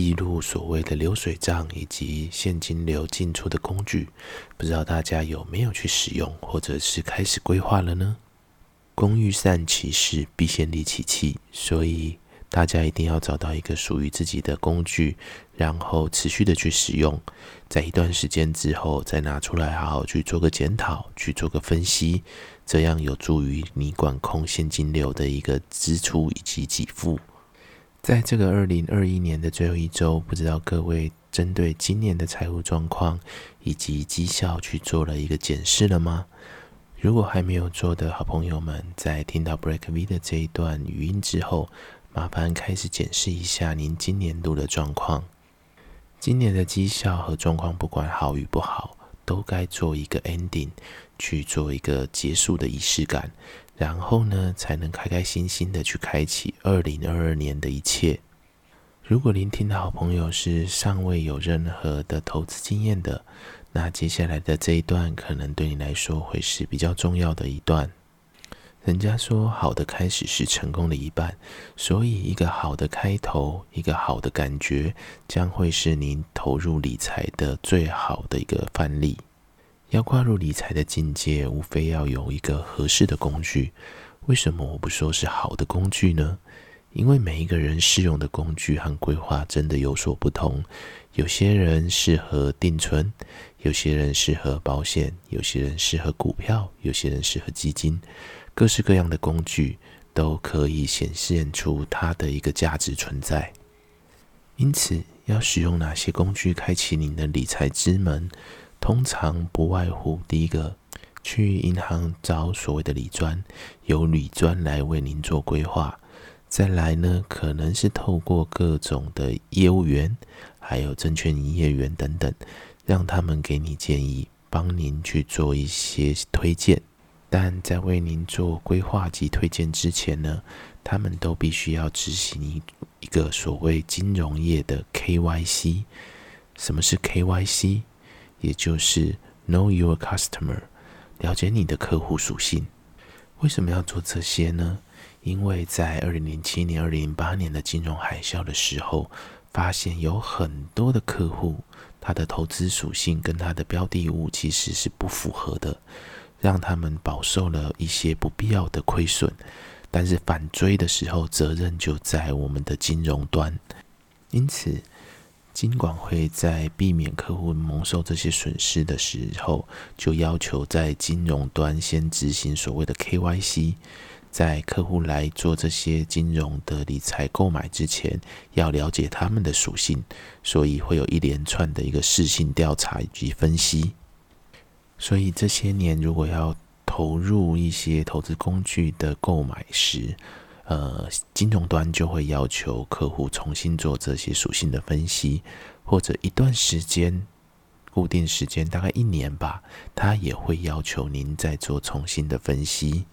記錄所謂的流水賬以及現金流進出的工具，不知道大家有沒有去使用，或者是開始規劃了呢？工欲善其事，必先利其器，所以大家一定要找到一個屬於自己的工具，然後持續的去使用，在一段時間之後再拿出來，好好去做個檢討，去做個分析，這樣有助於你管控現金流的一個支出以及給付。在這個二零二一年的最後一周，不知道各位針對今年的財務狀況以及績效去做了一個檢視了嗎？如果還沒有做的好朋友們，在聽到 Black V 的這一段語音之後，麻煩開始檢視一下您今年度的狀況。今年的績效和狀況，不管好與不好，都該做一個 ending，去做一個結束的儀式感。然後呢，才能開開心心的去開啟二零二二年的一切。如果聆聽的好朋友是尚未有任何的投資經驗的，那接下來的這一段可能對你來說會是比較重要的一段。人家說，好的開始是成功的一半，所以一個好的開頭，一個好的感覺，將會是您投入理財的最好的一個範例。要跨入理財的境界，無非要有一個合適的工具。為什麼我不說是好的工具呢？因為每一個人適用的工具和規劃真的有所不同。有些人適合定存，有些人適合保險，有些人適合股票，有些人適合基金。各式各樣的工具都可以顯現出它的一個價值存在。因此，要使用哪些工具開啟您的理財之門？通常不外乎第一個去銀行找所謂的理專，由理專來為您做規劃。再來呢，可能是透過各種的業務員，還有證券營業員等等，讓他們給你建議，幫您去做一些推薦。但在為您做規劃及推薦之前呢，他們都必須要執行一一個所謂金融業的 KYC。什麼是 KYC？也就是 know your customer，了解你的客戶屬性。為什麼要做這些呢？因為在二零零七年、二零零八年的金融海嘯的時候，發現有很多的客戶，他的投資屬性跟他的標的物其實是不符合的，讓他們飽受了一些不必要的虧損。但是反追的時候，責任就在我們的金融端。因此。金管會在避免客戶蒙受這些損失的時候，就要求在金融端先執行所謂的 KYC，在客戶來做這些金融的理財購買之前，要了解他們的屬性，所以會有一連串的一個適性調查以及分析。所以這些年，如果要投入一些投資工具的購買時，呃，金融端就會要求客戶重新做這些屬性的分析，或者一段時間，固定時間，大概一年吧，他也會要求您再做重新的分析。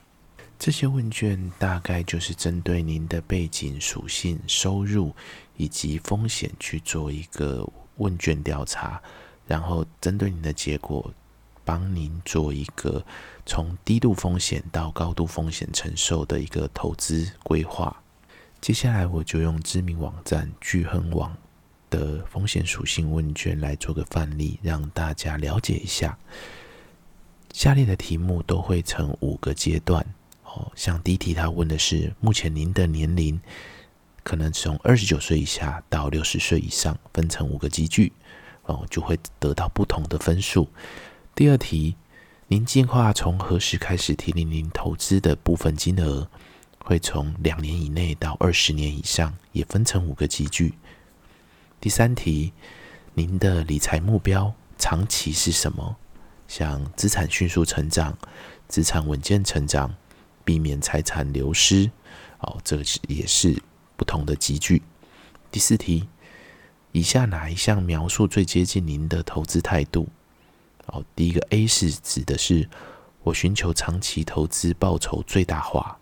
這些問卷大概就是針對您的背景、屬性、收入以及風險去做一個問卷調查，然後針對您的結果，幫您做一個從低度風險到高度風險承受的一個投資規劃。接下來我就用知名網站鉅亨網的風險屬性問卷來做個範例，讓大家了解一下。下列的題目都會成五個階段哦，像第一題他問的是目前您的年齡，可能從二十九歲以下到六十歲以上，分成五個級距哦，就會得到不同的分數。第二題，您計劃從何時開始提領，您投資的部分金額會從兩年以內到二十年以上，也分成五個級距。第三題，您的理財目標長期是什麼？像資產迅速成長，資產穩健成長，避免財產流失。哦，這個是也是不同的級距。第四題，以下哪一項描述最接近您的投資態度？好，第一個 A 是指的是我尋求長期投資報酬最大化。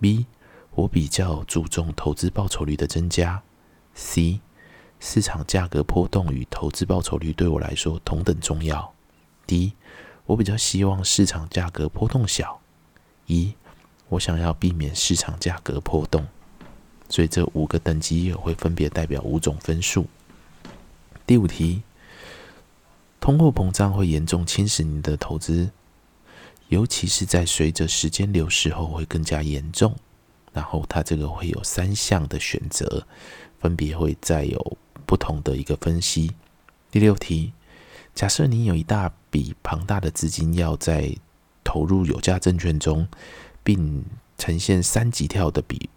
B，我比較注重投資報酬率的增加。C，市場價格波動與投資報酬率對我來說同等重要。D，我比較希望市場價格波動小。E，我想要避免市場價格波動。所以這五個等級也會分別代表五種分數。第五題。通貨膨脹會嚴重侵蝕你的投資，尤其是在隨着時間流逝後會更加嚴重。然後，它這個會有三項的選擇，分別會再有不同的一個分析。第六題：假設你有一大筆龐大的資金要在投入有價證券中，並呈現三級跳的比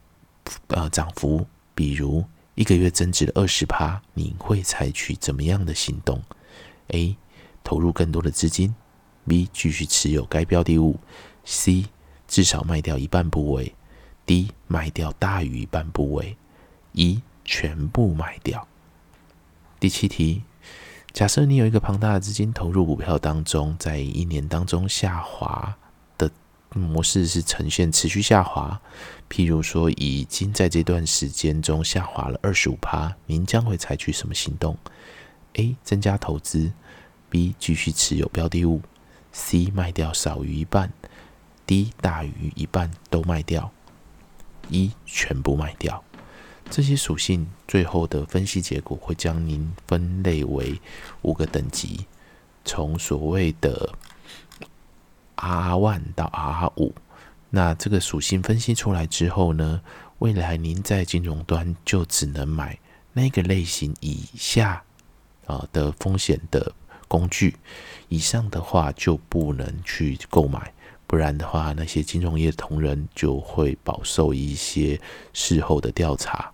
呃漲幅，比如一個月增值了二十趴，你會採取怎麼樣的行動？A. 投入更多的資金。B. 繼續持有該標的物。C. 至少賣掉一半部位。D. 賣掉大於一半部位。E. 全部賣掉。第七題：假設你有一個龐大的資金投入股票當中，在一年當中下滑的模式是呈現持續下滑，譬如說已經在這段時間中下滑了二十五%，您將會採取什麼行動？A 增加投資，B 繼續持有標的物，C 賣掉少於一半，D 大於一半都賣掉，E 全部賣掉。這些屬性最後的分析結果會將您分類為五個等級，從所謂的 R1 到 R5。那這個屬性分析出來之後呢，未來您在金融端就只能買那個類型以下。啊，的風險的工具，以上的話就不能去購買，不然的話，那些金融業同仁就會飽受一些事後的調查。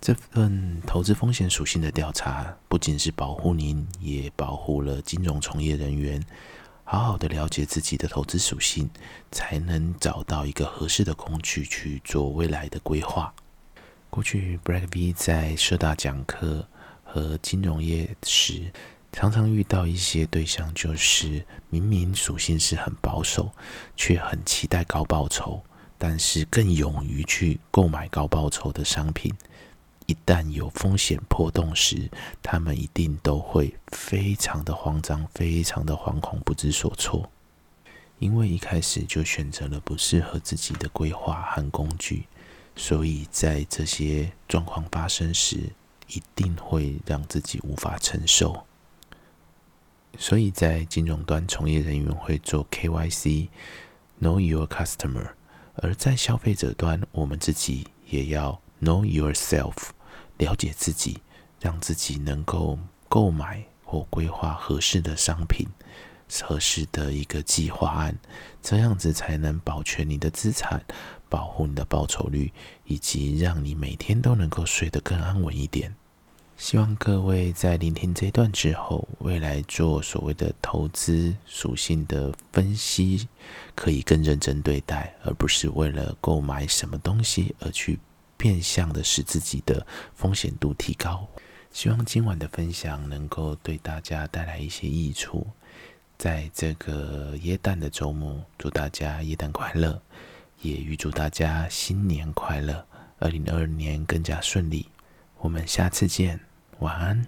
這份投資風險屬性的調查，不僅是保護您，也保護了金融從業人員。好好的了解自己的投資屬性，才能找到一個合適的工具去做未來的規劃。過去 Black V 在社大講課。和金融業時，常常遇到一些對象，就是明明屬性是很保守，卻很期待高報酬，但是更勇於去購買高報酬的商品。一旦有風險波動時，他們一定都會非常的慌張、非常的惶恐、不知所措，因為一開始就選擇了不適合自己的規劃和工具，所以在這些狀況發生時。一定會讓自己無法承受，所以在金融端，從業人員會做 KYC，Know Your Customer，而在消費者端，我們自己也要 Know Yourself，了解自己，讓自己能夠購買或規劃合適的商品，合適的一個計劃案，這樣子才能保全你的資產，保護你的報酬率，以及讓你每天都能夠睡得更安穩一點。希望各位在聆聽這一段之後，未來做所謂的投資屬性的分析，可以更認真對待，而不是為了購買什麼東西而去變相的使自己的風險度提高。希望今晚的分享能夠對大家帶來一些益處。在這個耶誕的周末，祝大家耶誕快樂，也預祝大家新年快樂，二零二二年更加順利。我們下次見，晚安。